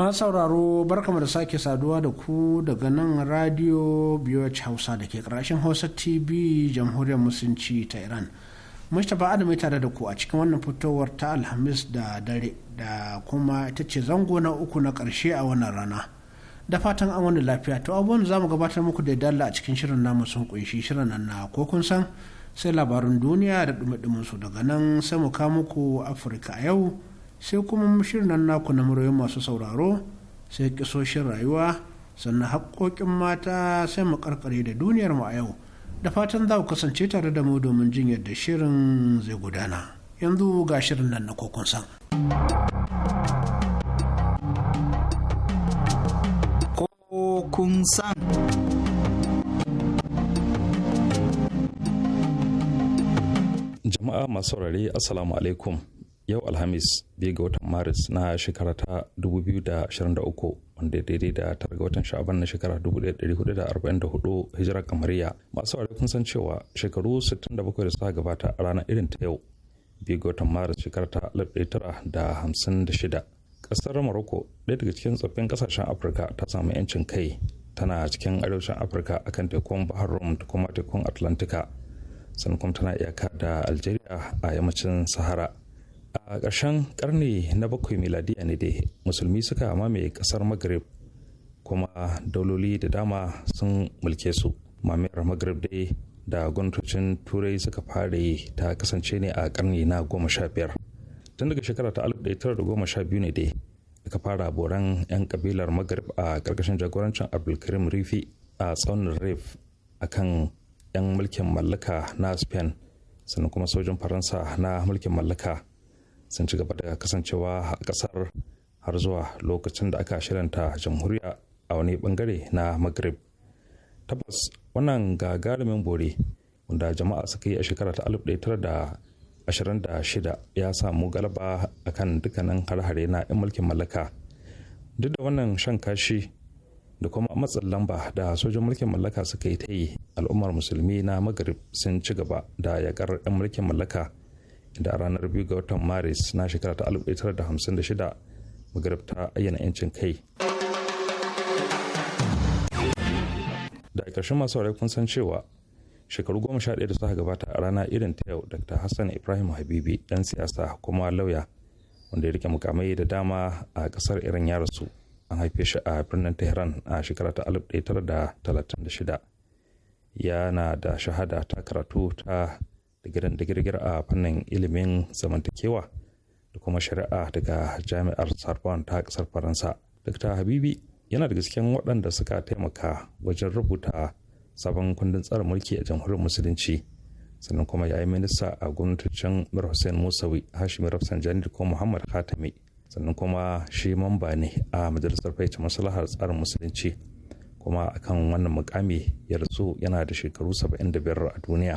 masu sauraro barkamu da sake saduwa da ku daga nan radio biyoc hausa da ke karashin hausa tv jamhuriyar musulunci ta iran mustapha adam tare da ku a cikin wannan fitowar ta alhamis da dare da kuma ita ce zango na uku na ƙarshe a wannan rana da fatan an wani lafiya to abubuwan za mu gabatar muku da dalla a cikin shirin namu sun kunshi shirin nan na ko kun san sai labarin duniya da dumi su daga nan sai mu kawo muku afirka a yau sai kuma shirin nan naku na muryoyin masu sauraro sai kisoshin rayuwa sannan haƙoƙin mata sai mu ƙarƙare da duniyar mu a yau da fatan za ku kasance tare da mu domin jin yadda shirin zai gudana yanzu ga shirin nan na kokon san jama'a masu saurari assalamu alaikum yau alhamis biyu ga watan maris na shekara ta 2023 wanda daidai da tara ga watan sha'aban na shekara 1444 hijirar kamariya masu aure kun san cewa shekaru 67 da suka gabata a ranar irin ta yau biyu ga watan maris shekara ta 1956 kasar morocco ɗaya daga cikin tsoffin kasashen afirka ta samu 'yancin kai tana cikin arewacin afirka akan tekun bahar rum da kuma tekun atlantika sannan kuma tana iyaka da algeria a yammacin sahara a ƙarshen ƙarni na bakwai miladiya ne dai musulmi suka mamaye ƙasar maghrib kuma dauloli da dama sun mulke su mamayar maghrib dai da gwamnatocin turai suka fara yi ta kasance ne a ƙarni na goma sha biyar tun daga shekara ta alif da goma sha biyu ne dai aka fara boran 'yan kabilar maghrib a ƙarƙashin jagorancin abdulkarim rifi a tsaunin rif a kan 'yan mulkin mallaka na spain sannan kuma sojin faransa na mulkin mallaka sun ci gaba da kasancewa a kasar har zuwa lokacin da aka shiranta jamhuriya a wani bangare na maghrib tabbas wannan gagarumin bore wanda jama'a suka yi a shekara ta 1926 ya samu galaba akan dukkanin har-hare na 'yan mulkin mallaka duk da wannan shan kashi da kuma matsin lamba da sojin mulkin mallaka suka yi ta yi al'ummar musulmi na maghrib sun ci gaba da yakar 'yan mulkin mallaka inda a ranar biyu ga watan maris na shekara ta 1956 magarabta ayyana 'yancin kai da ƙarshen masu saurari kun san cewa shekaru goma sha da suka gabata a rana irin ta yau dr hassan ibrahim habibi ɗan siyasa kuma lauya wanda ya rike mukamai da dama a ƙasar iran ya rasu an haife shi a birnin tehran a shekara ta 1936 yana da shahada ta karatu ta da girgir a fannin ilimin zamantakewa da kuma shari'a daga jami'ar sarfon ta kasar faransa dr habibi yana da cikin waɗanda suka taimaka wajen rubuta sabon kundin tsarin mulki a jamhuriyar musulunci sannan kuma ya yi minista a gwamnatocin mir hussein musawi hashimi rafsanjani da kuma muhammad khatami sannan kuma shi mamba ne a majalisar faice maslahar tsarin musulunci kuma akan wannan mukami ya rasu yana da shekaru 75 a duniya.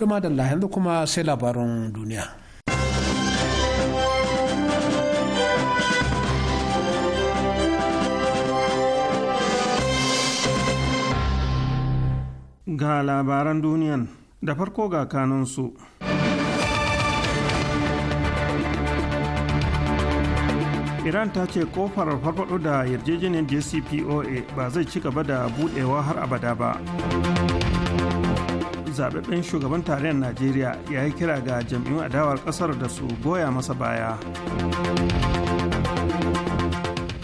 da madalla yanzu kuma sai labarin duniya ga labaran duniyan da farko ga kanunsu iran ta ce kofar farfado da yarjejeniyar jcpoa ba zai ci gaba da budewa har abada ba zaɓaɓɓen shugaban tarayyar najeriya ya yi kira ga jam'iyyun adawar ƙasar da su goya masa baya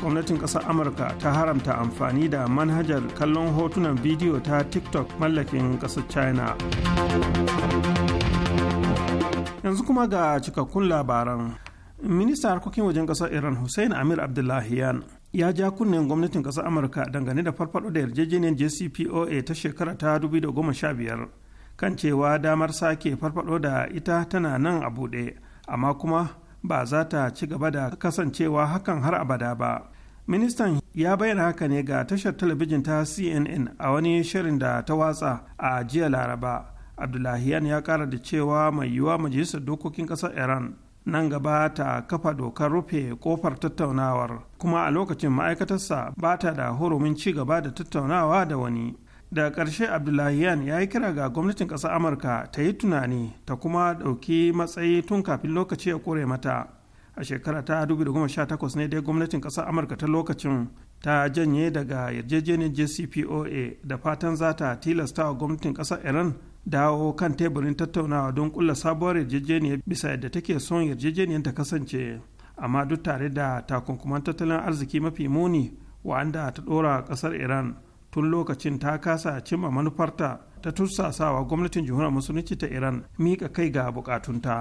gwamnatin ƙasar amurka ta haramta amfani da manhajar kallon hotunan bidiyo ta tiktok mallakin ƙasar china yanzu kuma ga cikakkun labaran minista harkokin wajen ƙasar iran hussein amir abdullahiyan ya ja kunnen gwamnatin ƙasar amurka dangane da farfado da yarjejeniyar jcpoa ta shekara ta 2015 kan cewa damar sake farfado da ita tana nan a buɗe amma kuma ba za ta ci gaba da kasancewa hakan har abada ba ministan ya bayyana haka ne ga tashar talabijin ta cnn a wani shirin da ta watsa a jiya laraba abdullahiyan ya kara da cewa mai yiwuwa majalisar dokokin kasar iran nan gaba ta kafa dokar rufe kofar tattaunawar kuma a lokacin ma'aikatarsa ba ta da hurumin ci gaba da tattaunawa da wani da ƙarshe yan ya yi kira ga gwamnatin ƙasar amurka ta yi tunani ta kuma ɗauki matsayi tun kafin lokaci ya kore mata a shekara ta 2018 ne dai gwamnatin ƙasar amurka ta lokacin ta janye daga yarjejeniyar jcpoa da fatan za ta tilasta wa gwamnatin ƙasar iran dawo kan teburin tattaunawa don kulla sabuwar yarjejeniyar bisa yadda take son yarjejeniyar ta kasance amma duk tare da takunkuman tattalin arziki mafi muni wa'anda ta ɗora ƙasar iran tun lokacin ta kasa cimma manufarta ta tussasawa gwamnatin jamhuriyar musulunci ta iran mika kai ga bukatunta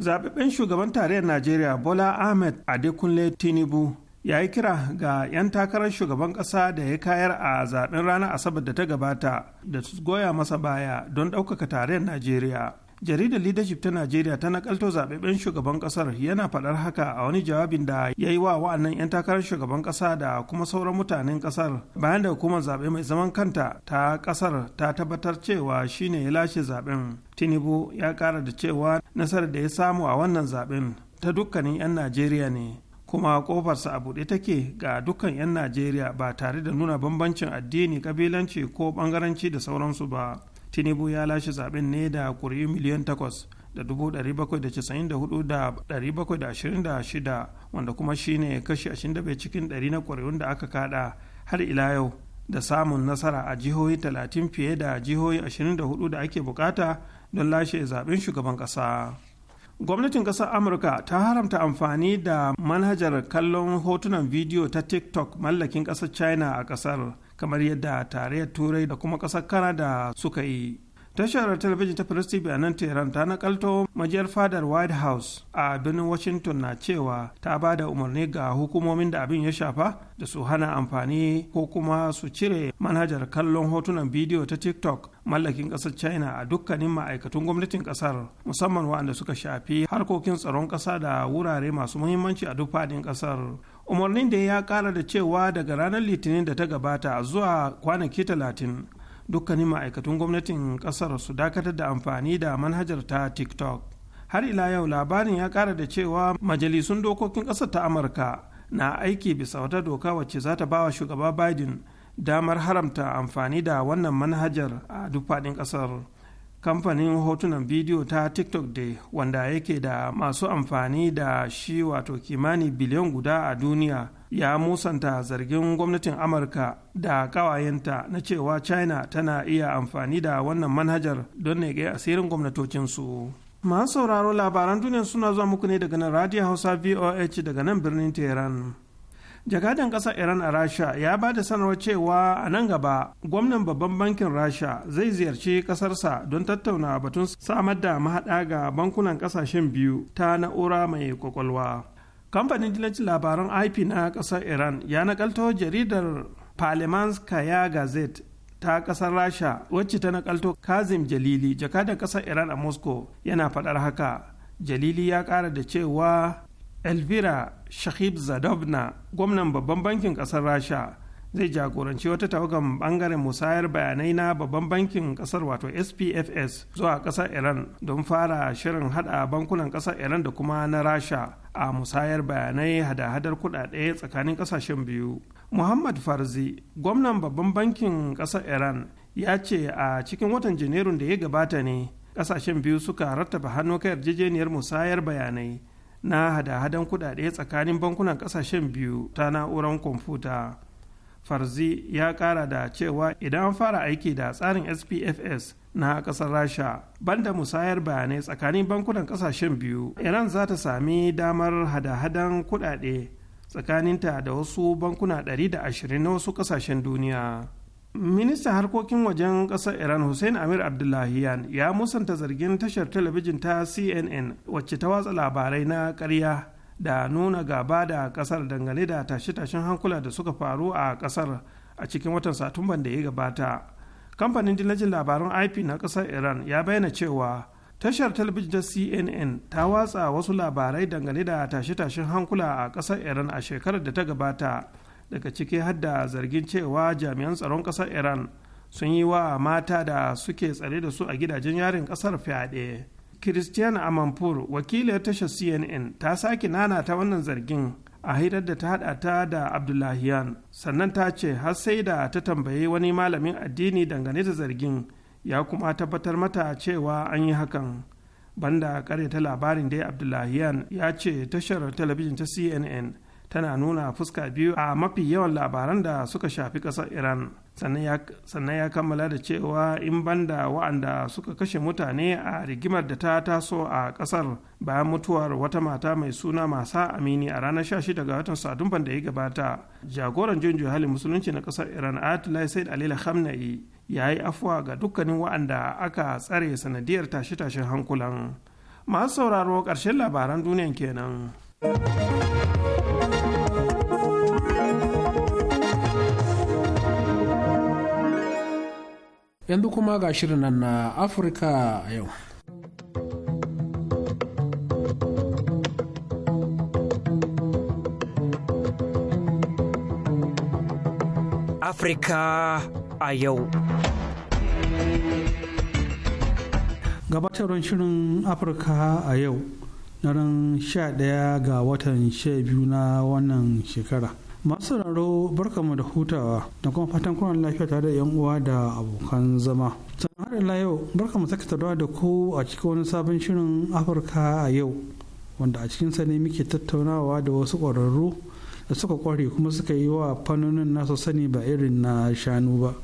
zaɓaɓɓen shugaban tarayyar najeriya bola ahmed adekunle tinubu ya yi kira ga 'yan takarar shugaban ƙasa da ya kayar a zaɓen ranar asabar da ta gabata da su goya masa baya don ɗaukaka tarayyar najeriya jaridar leadership ta najeriya ta nakalto zababben shugaban kasar yana faɗar haka a wani jawabin da ya yi wa wa'annan 'yan takarar shugaban ƙasa da kuma sauran mutanen ƙasar bayan da hukumar zaɓe mai zaman kanta ta ƙasar ta tabbatar cewa shine ya lashe zaɓen tinubu ya ƙara da cewa nasarar da ya samu a wannan zaɓen ta dukkanin 'yan najeriya ne kuma kofarsa a buɗe take ga dukkan 'yan najeriya ba tare da nuna bambancin addini kabilanci ko ɓangaranci da sauransu ba tinubu ya lashe zaben ne da ƙuri'u miliyan takwas da dubu bakwai da casa'in da hudu da bakwai da ashirin da shida wanda kuma shine kashi ashirin da bai cikin 100 na ƙuri'un da aka kaɗa har ila yau da samun nasara a jihohi talatin fiye da jihohi ashirin da hudu da ake bukata don lashe zaben shugaban ƙasa. gwamnatin ƙasar amurka ta haramta amfani da manhajar kallon hotunan bidiyo ta tiktok mallakin ƙasar china a ƙasar kamar yadda tarayyar turai da kuma ƙasar canada suka yi tashar talabijin ta firist tv a nan tehran ta nakalto majiyar fadar white house a birnin washington na cewa ta ba da umarni ga hukumomin da abin ya shafa da su hana amfani ko kuma su cire manhajar kallon hotunan bidiyo ta tiktok mallakin ƙasar china a dukkanin ma'aikatun gwamnatin ƙasar musamman waɗanda suka shafi harkokin tsaron ƙasa da wurare masu muhimmanci a duk fadin ƙasar umarnin da ya kara da cewa daga ranar litinin da ta gabata zuwa kwanaki talatin dukkanin ma'aikatun gwamnatin kasar su dakatar da amfani da manhajar ta tiktok har ila yau labarin ya kara da cewa majalisun dokokin kasar ta amurka na aiki bisa wata doka wacce za ta bawa shugaba biden damar haramta amfani da wannan manhajar a duk faɗin ƙasar kamfanin hotunan bidiyo ta tiktok da wanda yake da masu amfani da shi wato kimani biliyan guda a duniya ya musanta zargin gwamnatin amurka da kawayenta na cewa china tana iya amfani da wannan manhajar don nege asirin gwamnatocinsu masu sauraro labaran duniya suna zuwa muku ne daga nan radio hausa voh daga nan birnin tehran jakadan ƙasar iran a rasha ya ba da sanarwar cewa a nan gaba gwamnan babban bankin rasha zai ziyarci ƙasarsa don tattauna batun samar da mahaɗa ga bankunan ƙasashen biyu ta na'ura mai kwakwalwa kamfanin dillancin labaran ip na ƙasar iran ya nakalto jaridar palemanskaya gazette ta kasar rasha wacce ta nakalto kazim jalili jakadan kasar iran a moscow yana faɗar haka jalili ya ƙara da cewa elvira shahib zadovna gwamnan babban bankin kasar rasha zai jagoranci wata tawagan bangaren musayar bayanai na babban bankin kasar wato spfs zuwa kasar iran don fara shirin hada bankunan kasar iran da kuma na rasha a musayar bayanai hada-hadar kudade tsakanin kasashen biyu muhammad farzi gwamnan babban bankin kasar iran ya ce a cikin watan janairun da ya gabata ne kasashen biyu suka rattaba hannu kan yarjejeniyar musayar bayanai na hada-hadan kudade tsakanin bankunan kasashen biyu ta na'urar kwamfuta farzi ya kara da cewa idan an fara aiki da tsarin spfs na kasar rasha banda musayar bayanai tsakanin bankunan kasashen biyu iran za ta sami damar hada-hadan kudade tsakaninta da wasu bankuna 120 na wasu kasashen duniya ministan harkokin wajen ƙasar iran hussein amir abdullahiyan ya musanta zargin tashar talabijin ta cnn wacce ta watsa labarai na karya da nuna gaba da ƙasar dangane da tashe-tashen hankula da suka faru a ƙasar a cikin watan satumban da ya gabata kamfanin dinajin labaran ip na ƙasar iran ya bayyana cewa tashar talabijin ta cnn ta watsa wasu labarai dangane da tashe-tashen hankula a ƙasar iran a shekarar da ta gabata daga ciki har da zargin cewa jami'an tsaron ƙasar iran sun yi wa mata da suke tsare da su a gidajen yarin ƙasar fyaɗe christian amanpour wakiliyar tashar cnn ta sake nana ta wannan zargin a hirar da ta hada ta da abdullahiyan sannan ta ce har sai da ta tambayi wani malamin addini dangane da zargin ya kuma tabbatar mata cewa an yi hakan banda karya ta labarin dai abdullahiyan ya ce tashar talabijin ta cnn tana nuna fuska biyu a mafi yawan labaran da suka shafi ƙasar iran sannan ya kammala da cewa in banda wa'anda suka kashe mutane a rigimar da ta taso a ƙasar bayan mutuwar wata mata mai suna masa amini a ranar 16 ga watan satumban da ya gabata jagoran jinjin halin musulunci na ƙasar iran atulai said alila khamenei ya yi afuwa ga dukkanin wa'anda aka tsare sanadiyar tashe-tashen hankulan masu sauraro ƙarshen labaran duniyan kenan. yanzu kuma ga shirin nan na afirka a yau afirka a yau gabatarwar shirin afirka a yau na ran 11 ga watan 12 na wannan shekara masu sauraro barkamu da hutawa da kuma fatan kuna lafiya tare da yan uwa da abokan zama sannan har ila yau barkamu sake tattauna da ku a cikin wani sabon shirin afirka a yau wanda a cikin sa ne muke tattaunawa da wasu ƙwararru da suka ƙware kuma suka yi wa fannonin nasu sani ba irin na shanu ba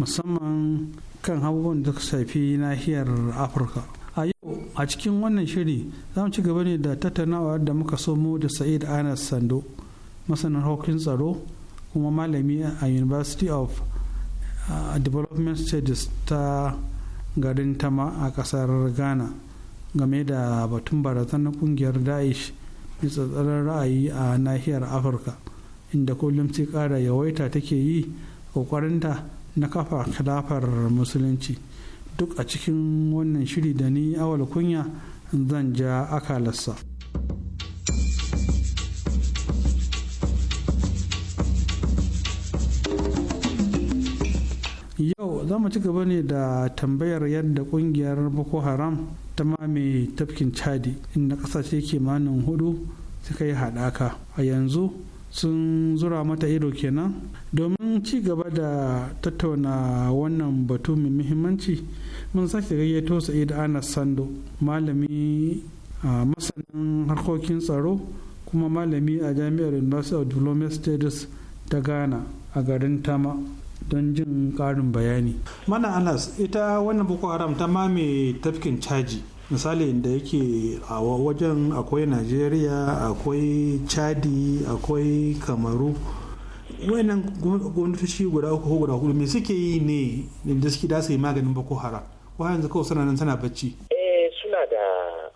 musamman kan abubuwan da suka shafi nahiyar afirka a yau a cikin wannan shiri za mu ci gaba ne da tattaunawa da muka somo da sa'id anas sando masanin harkokin tsaro kuma malami a university of uh, development studies ta garin tama a kasar ghana game da batun barazanar kungiyar daesh mai tsatsarar ra'ayi a nahiyar afirka inda kullum sai kara yawaita take yi kokarinta na kafa kalafar musulunci duk a cikin wannan shiri da ni awal kunya zan ja akalarsa. yau za mu ci gaba ne da tambayar yadda kungiyar boko haram ta mame tafkin chadi inda kasashe manin hudu suka yi haɗaka a yanzu sun zura mata ido kenan domin ci gaba da tattauna wannan batu mai muhimmanci mun sake gayyato sa'id anas sando malami a masanin harkokin tsaro kuma malami a jami'ar university of the state ta ghana a garin tama don jin karin bayani. Mana Anas ita wannan Boko Haram ta mame tafkin caji misali da yake a wajen akwai Najeriya akwai Chadi akwai Kamaru wannan gwamnatoci guda uku ko guda hudu me suke yi ne da suke da su yi maganin Boko Haram wa yanzu kawai suna nan tana bacci. Eh suna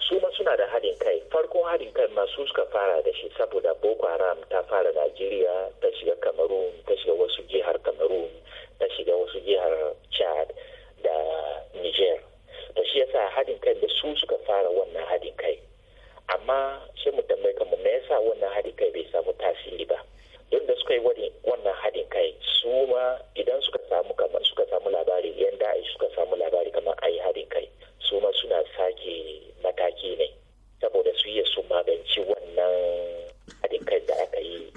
su suna da haɗin kai farkon haɗin kai masu suka fara da shi saboda Boko Haram ta fara Najeriya ta shiga Kamaru ta shiga wasu jihar Kamaru ta shiga wasu jihar chad da niger to shi yasa haɗin kai da su suka fara wannan haɗin kai amma sai mu tambayi kanmu me yasa wannan haɗin kai bai samu tasiri ba don da suka yi wannan haɗin kai su ma idan suka samu kamar suka samu labari yan da'i suka samu labari kamar ayi yi haɗin kai su ma suna sake mataki ne saboda su iya su magance wannan haɗin kai da aka yi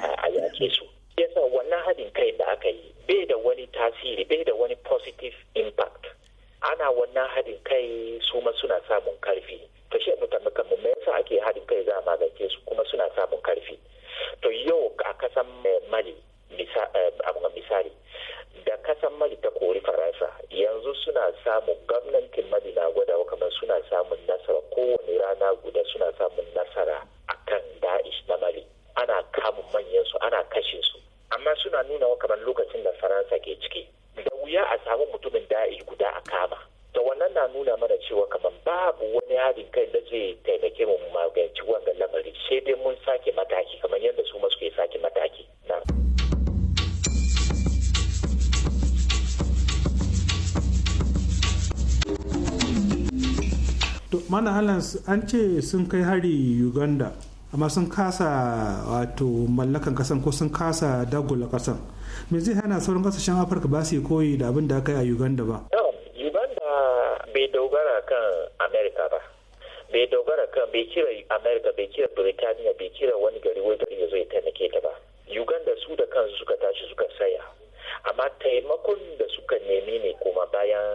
a yake su yasa wannan hadin kai da aka yi bai da wani tasiri bai da wani positive impact ana wannan hadin kai su ma suna samun karfi to shi mu tambaka mu me yasa ake hadin kai za a magance su kuma suna samun karfi to yau a kasan eh, mali eh, misali da kasan mali ta kori faransa yanzu suna samun gwamnatin mali na gwada kamar suna samun nasara kowane rana guda suna samun nasara a kan da'ish na mali ana kamun manyan su ana kashe su amma suna nuna wa kamar lokacin da faransa ke ciki da wuya a samu mutumin da'i guda a kama da wannan na nuna mana cewa kamar babu wani haɗin kai da zai taimake mu magance wannan lamari sai dai mun sake mataki kamar yadda su ma ke sake mataki na mana halans an ce sun kai hari uganda amma sun kasa wato mallakan kasan ko sun kasa dagula kasan me zai hana sauran kasashen afirka ba su koyi da abin da aka yi a uganda ba uganda bai dogara kan america ba bai dogara kan bai kira america bai kira birtaniya bai kira wani gari wai gari ya zo ya taimake ta ba uganda su da kansu suka tashi suka saya amma taimakon da suka nemi ne kuma bayan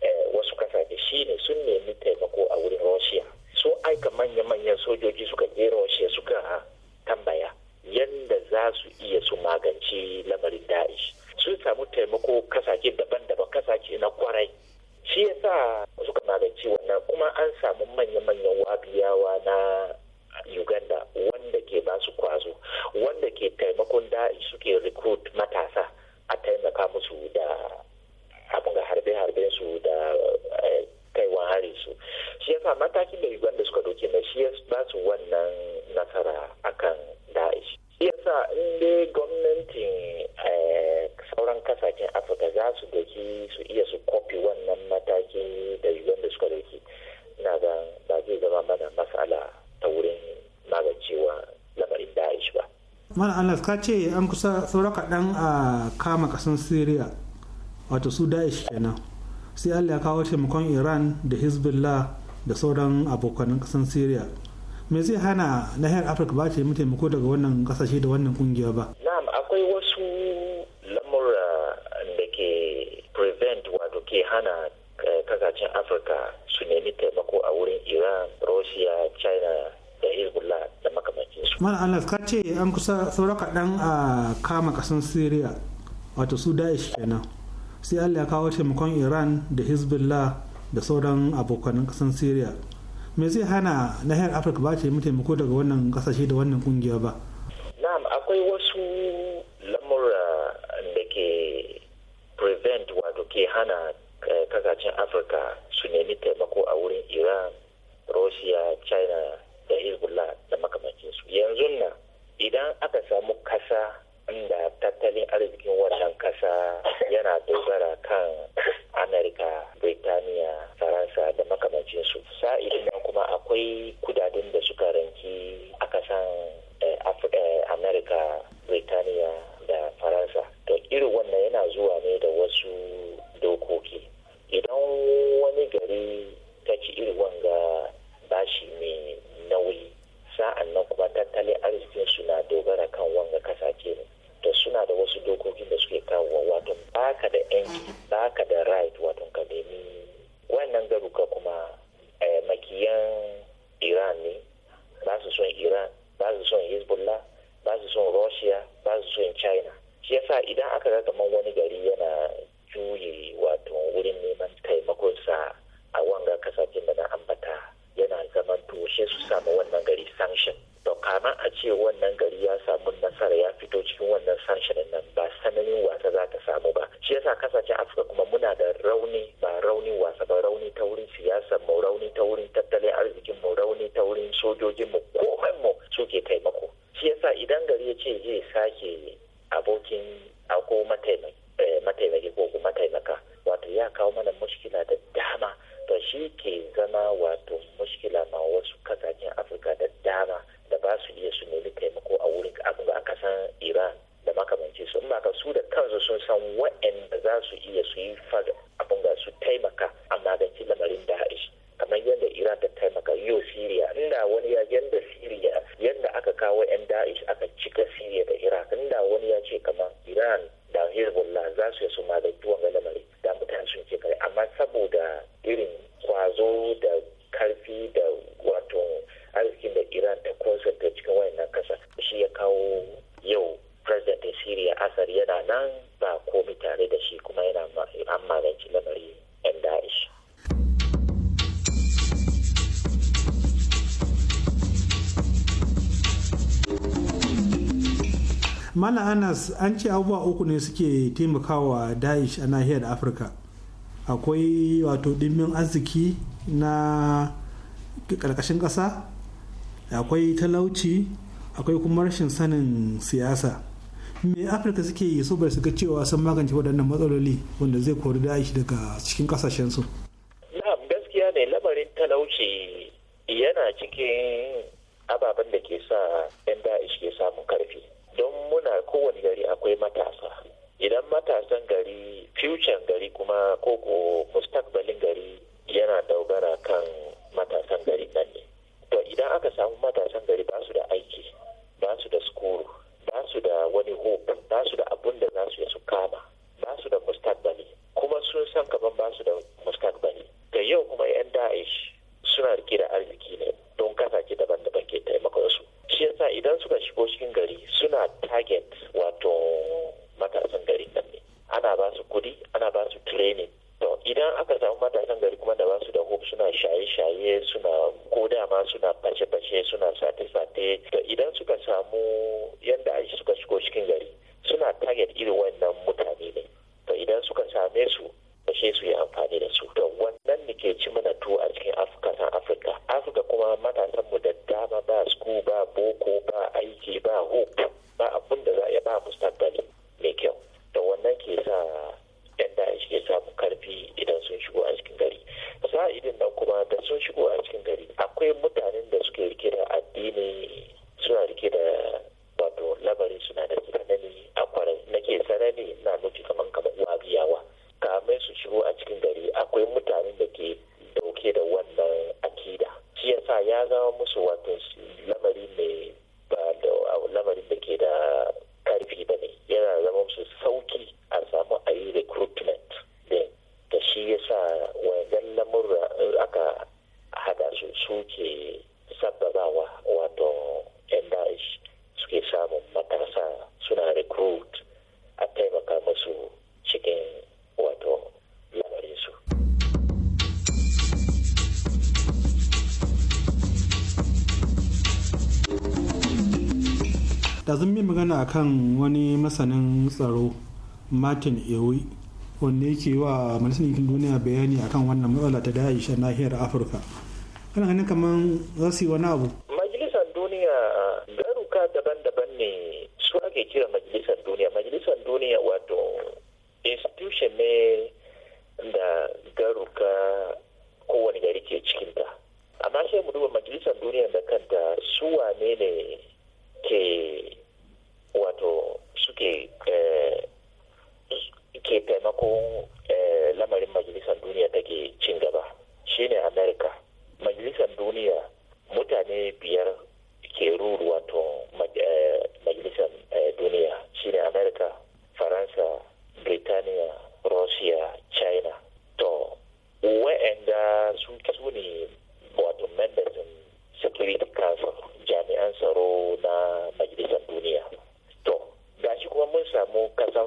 eh, wasu kasashe shine sun nemi taimako a wurin russia sun aika manya-manyan sojoji suka jera washe suka tambaya yadda za su iya su magance lamarin da'ish sun samu taimako kasashe daban-daban kasashe na kwarai shi ya sa suka magance wannan kuma an samu manya-manyan wabiyawa na uganda wanda ke ba su kwazo wanda ke taimakon da'ish suke recruit matasa a taimaka musu da abin harbe-harben su da eh, kaiwa hari su shi yasa matakin da uganda suka doke na shi ba su wannan nasara akan da'ish shi yasa in dai gwamnatin eh, sauran kasashen afirka za su doki su iya su kofi wannan mataki da uganda suka doki na ga ba zai zama mana matsala ta wurin magancewa lamarin da'ish ba mana anas ka ce an kusa sauraka kaɗan a kama kasan syria wato su da'ish kenan sai allah ya kawo taimakon iran da hezbollah da sauran abokan kasan syria me zai hana nahiyar afirka ba ta yi taimako daga wannan kasashe da wannan kungiyar ba na'am akwai wasu lamura da ke prevent wato ke hana kasashen eh, afirka su nemi taimako a wurin iran russia china da hezbollah da makamancinsu mana allah ka ce an kusa saura kaɗan a kama kasan syria wato su daesh kenan sai allah ya kawo taimakon iran da hezbollah da sauran abokan kasan syria me zai hana nahiyar afirka ba ta yi taimako daga wannan kasashe da wannan kungiya ba na'am akwai wasu lamura da ke prevent wato ke hana kasashen eh, afirka su nemi taimako a wurin iran russia china da hezbollah da makamancinsu yanzu na idan aka samu kasa inda tattalin arzikin wannan kasa yana dogara kan amerika birtaniya nan ba komi tare da shi kuma yana an magance lamari yan da'ish Mala Anas an ce abubuwa uku ne suke taimakawa Daesh a nahiyar Afirka. Akwai wato dimbin arziki na ƙarƙashin ƙasa, akwai talauci, akwai kuma rashin sanin siyasa. me afirka suke yi su bai su cewa sun magance waɗannan matsaloli wanda zai kori da'ish daga cikin ƙasashensu na'am gaskiya ne lamarin talauci yana cikin ababen da ke sa 'yan da'ish ke samun karfi don muna kowane gari akwai matasa idan matasan gari future gari kuma koko mustakbalin gari yana dogara kan matasan gari nan ne to idan aka samu matasan gari ba su da aiki ba su da skuru ba su da wani hope ba su da abun da za su yi su kama ba su da bane kuma sun san kaman ba su da bane da yau kuma yan da'ish suna rike da arziki ne don kasashe daban-daban ke taimakon su shi yasa idan suka shigo cikin gari suna target wato matasan gari nan ne ana ba su kudi ana ba su training to idan aka samu matasan gari kuma da ba su da hope suna shaye-shaye suna ko dama suna bace-bace suna sate-sate to idan suka samu yadda suka shigo cikin gari suna target irin wannan mutane ne to idan suka same su fashe su yi amfani da su to wannan ne ke ci mana tuwo a cikin afirka na afirka afirka kuma matasan mu da dama ba sku ba boko ba aiki ba hope ba abun da za a yi ba mustaqbali mai kyau to wannan ke sa yadda ya samu karfi idan sun shigo a cikin gari sa'idin nan kuma da sun shigo a cikin gari akwai mutanen kan wani masanin tsaro martin ewi wanda yake wa majalisar ɗinkin duniya bayani akan wannan matsala ta daisha nahiyar afirka kana ganin kamar za su yi wani abu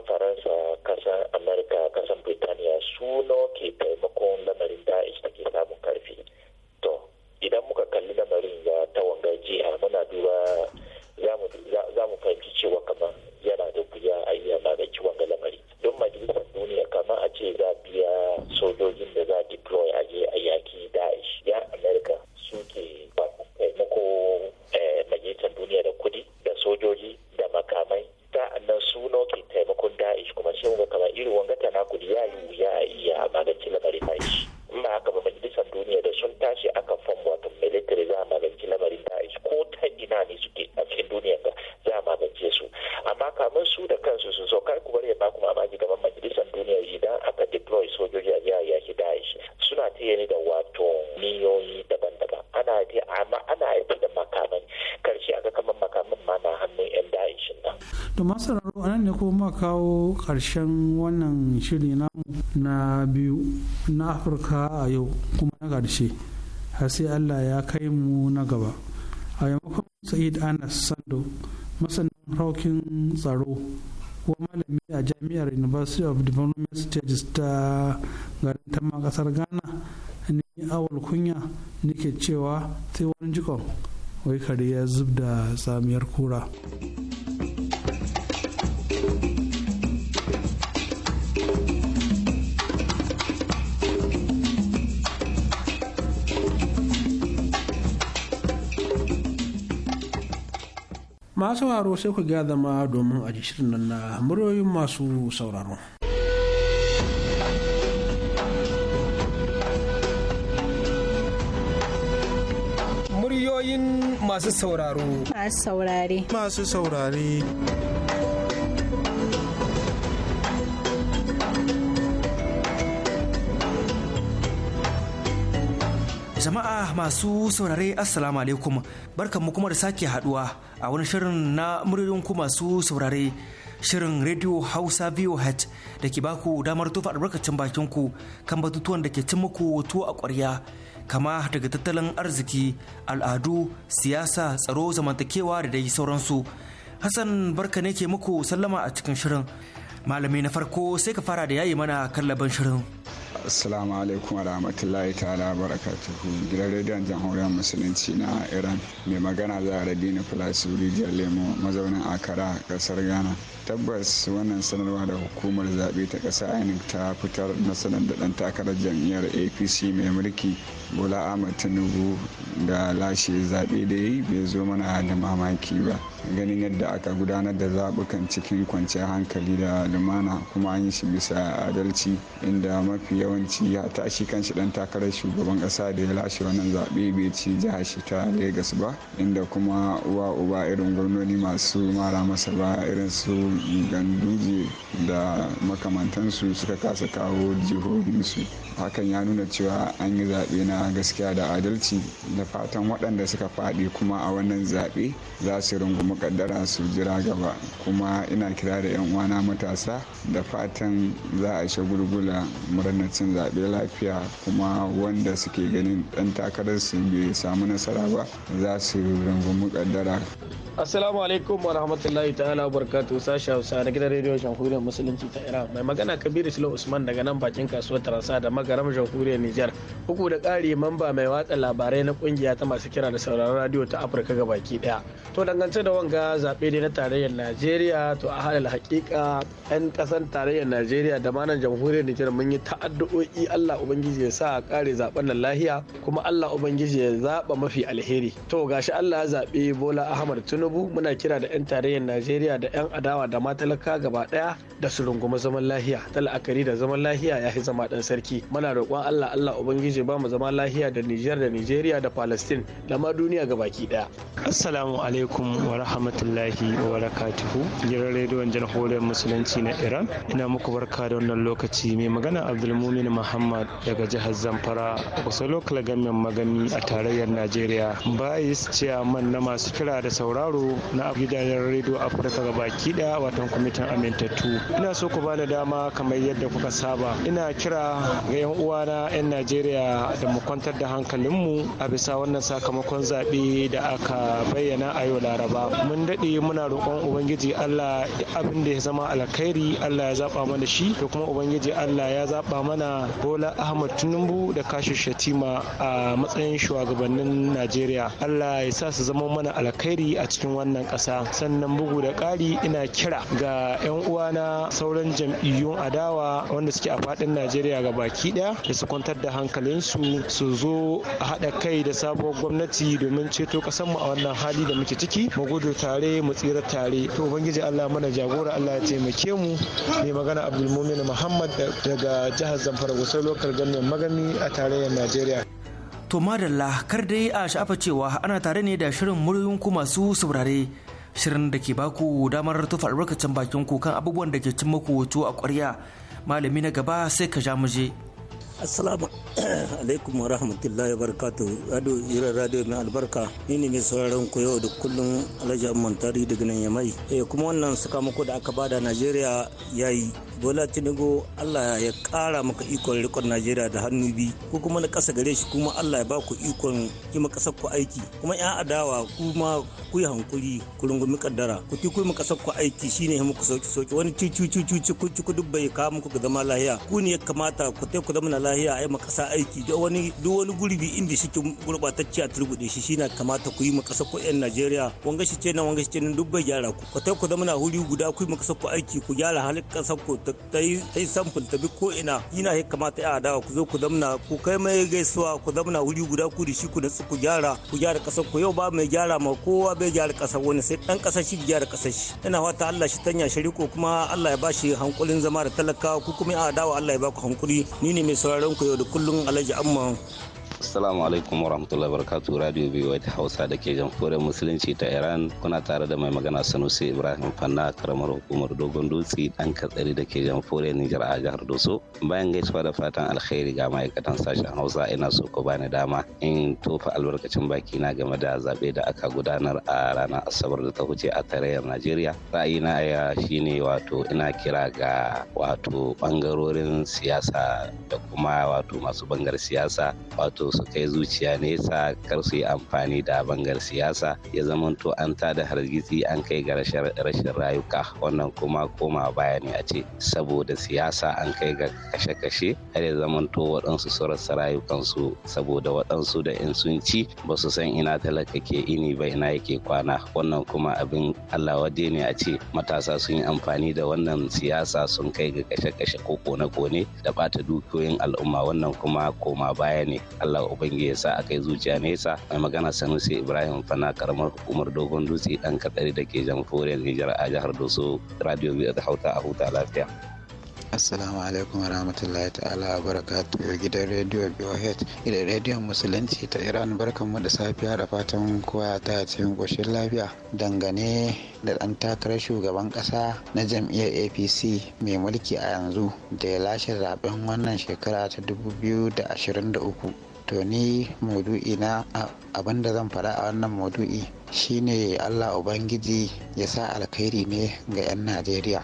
conference kawo ƙarshen wannan shiri namu na biyu na afirka a yau kuma na ƙarshe har sai allah ya kai mu na gaba a yamakon sa'id anas sando masanin haukin tsaro ko malami a jami'ar university of development stages ta garin tamma kasar ghana ni awal kunya nake cewa sai wani jikon wai kare ya zub da samiyar kura. sauraro sai ku ga zama domin a shirin nan na muryoyin masu sauraro. Muryoyin masu sauraro. Masu saurare. Masu saurare. Jama'a masu saurare Assalamu alaikum barkanmu kuma da sake haduwa a wani shirin na muryoyin masu saurare shirin Radio Hausa VOH da ke baku damar tofa albarkacin bakin ku kan batutuwan da ke cin muku wato a kwarya kama daga tattalin arziki, al'adu, siyasa, tsaro, zamantakewa da dai sauransu. Hassan barka ne ke muku sallama a cikin shirin. malami na farko sai ka fara da yayi mana kallaban shirin Assalamu alaikum warahmatullahi ta'ala barakatuhu gidan rediyon jamhuriyar musulunci na Iran mai magana za a radina filasuri jiyar lemo mazaunin Akara kasar Ghana. Tabbas wannan sanarwa da hukumar zaɓe ta ƙasa INEC ta fitar na sanar da ɗan takarar jam'iyyar APC mai mulki Bola Ahmad Tinubu da lashe zaɓe da yi bai zo mana da mamaki ba. ganin yadda aka gudanar da zaɓukan cikin kwanciyar hankali da lumana kuma an yi shi bisa adalci inda mafi yawanci ya tashi kan shi dan takarar shugaban ƙasa da ya lashe wannan zaɓe bai ci jihar shi ta Legas ba inda kuma uwa uba irin gwamnoni masu mara masa ba irin su ganduje da makamantansu suka kasa kawo jihohinsu hakan ya nuna cewa an yi zaɓe na gaskiya da adalci da fatan waɗanda suka faɗi kuma a wannan zaɓe za su rungumi muƙaddara su jira gaba kuma ina kira da 'yan uwana matasa da fatan za a shagulgula murnar cin zaɓe lafiya kuma wanda suke ganin ɗan takarar su bai samu nasara ba za su rungumi muƙaddara. Assalamu alaikum wa rahmatullahi ta'ala barkatu sashi Hausa na gidan rediyon Jamhuriyar Musulunci ta Iran mai magana Kabiru Sule Usman daga nan bakin kasuwar Tarasa da garama jamhuriyar Nijar. Bugu da ƙari mamba mai watsa labarai na kungiya ta masu kira da sauraron radio ta Afirka ga baki daya To dangance da wanga zaɓe dai na tarayyar Najeriya to a halin hakika 'yan ƙasan tarayyar Najeriya da manan jamhuriyar Nijar mun yi ta'addu'o'i Allah Ubangiji ya sa a ƙare zaɓen nan lahiya kuma Allah Ubangiji ya zaɓa mafi alheri. To gashi Allah ya zaɓe Bola Ahmad Tinubu muna kira da 'yan tarayyar Najeriya da 'yan adawa da matalaka gaba ɗaya da su runguma zaman lahiya. Tal'akari da zaman lahiya ya fi zama ɗan sarki. muna roƙon Allah Allah ubangiji ba mu zama lahiya da Nijar da Nijeriya da Palestine da ma duniya ga baki daya assalamu alaikum wa rahmatullahi wa barakatuhu gidan rediyon jamhuriyar musulunci na Iran ina muku barka da wannan lokaci mai magana Abdulmumin Muhammad daga jihar Zamfara kusa lokal gamin magani a tarayyar Najeriya bayis ciyaman na masu kira da sauraro na gidajen rediyo Afirka ga baki daya watan kwamitin amintattu ina so ku bani dama kamar yadda kuka saba ina kira ga 'yan uwana 'yan najeriya da mu kwantar da hankalinmu a bisa wannan sakamakon zaɓe da aka bayyana a yau laraba mun daɗe muna roƙon ubangiji allah abin da ya zama alkhairi allah ya zaɓa mana shi da kuma ubangiji allah ya zaɓa mana bola ahmad tinubu da kashi shatima a matsayin shugabannin najeriya allah ya sa su zama mana alkhairi a cikin wannan ƙasa sannan bugu da ƙari ina kira ga 'yan uwana sauran jam'iyyun adawa wanda suke a faɗin najeriya ga baki daya da su kwantar da hankalinsu su zo a haɗa kai da sabuwar gwamnati domin ceto mu a wannan hali da muke ciki mu gudu tare mu tsira tare to ubangiji allah mana jagora allah ya taimake mu ne magana Mumin muhammad daga jihar zamfara gusar lokal gannin magani a tarayyar najeriya to madalla kar dai a sha'afa cewa ana tare ne da shirin muryoyin ku masu saurare shirin da ke baku damar tufa albarkacin bakin ku kan abubuwan da ke cin wato a ƙwarya malami na gaba sai ka ja muje. je assalamu alaikum wa rahmatullahi wa barakatu ado ira radio mai albarka ni ne mai sauraron ku yau da kullum alhaji amman tari daga nan yamai eh kuma wannan sakamako da aka bada najeriya yayi bola tinubu allah ya kara maka ikon rikon najeriya da hannu bi ko kuma na kasa gare shi kuma allah ya ba ku ikon yi kasar ku aiki kuma yan adawa kuma ku yi hankuri ku rungumi kaddara ku ti ku kasar ku aiki shine ya muku sauki sauki wani cucu cucu cucu ku duk bai kawo muku zama lahiya ku ne ya kamata ku tai ku zama na lahiya a yi makasa aiki da wani duk wani gurbi inda shi ke gurbatacce a turbude shi shine kamata ku yi makasar ku yan najeriya wanga shi ce nan wanga shi ce nan duk bai gyara ku ku tai ku zama na huri guda ku yi makasar ku aiki ku gyara halin kasar ku ta ta yi samfil ta bi ko ina yana ya kamata ya adawa ku zo ku zamna ku kai mai gaisuwa ku zamna wuri guda ku da shi ku natsu ku gyara ku gyara kasar ku yau ba mai gyara ma kowa bai gyara kasar wani sai dan kasar shi gyara kasar shi ina fata Allah shi tanya shi riko kuma Allah ya bashi hankulin zama da talakawa ku kuma ya adawa Allah ya baku hankuri ni ne mai sauraron ku yau da kullun Alhaji Amman Assalamu alaikum warahmatullahi wabarakatuh Radio BYT Hausa da ke jamhuriyar Musulunci ta Iran kuna tare da mai magana Sanusi Ibrahim Fanna karamar hukumar Dogon Dutse dan katsari da ke jamhuriyar Nijar a jihar Doso. Bayan gaisuwa da fatan alkhairi ga ma'aikatan sashen Hausa ina so ku bani dama in tofa albarkacin baki na game da zabe da aka gudanar a ranar Asabar da ta wuce a tarayyar Najeriya. na aya shine wato ina kira ga wato bangarorin siyasa da kuma wato masu bangar siyasa wato su kai zuciya nesa kar su yi amfani da bangar siyasa ya zamanto an da hargitsi an kai ga rashin rayuka wannan kuma koma baya ne a ce saboda siyasa an kai ga kashe-kashe har ya zamanto waɗansu su rasa rayukansu saboda waɗansu da in sun ci ba su san ina talaka ke ini ba ina yake kwana wannan kuma abin allah waje ne a ce matasa sun yi amfani da wannan siyasa sun kai ga kashe-kashe ko kone-kone da ɓata dukiyoyin al'umma wannan kuma koma baya ne Allah ubangiji ya sa kai zuciya nesa mai magana Sanusi Ibrahim Fana karamar hukumar Dogon Dutse dan kadari da ke jamhuriyar Nijar a jihar Doso radio bi da hauta a huta lafiya. Assalamu alaikum wa rahmatullahi ta'ala wa barakatu gidan rediyo head gidan rediyon musulunci ta Iran barkanmu da safiya da fatan kowa ta cikin koshin lafiya dangane da ɗan takarar shugaban ƙasa na jam'iyyar APC mai mulki a yanzu da ya lashe zaben wannan shekara ta 2023 to ni maudu'i na abin da zan fada a wannan maudu'i shine allah ubangiji ya sa alkhairi ne ga 'yan najeriya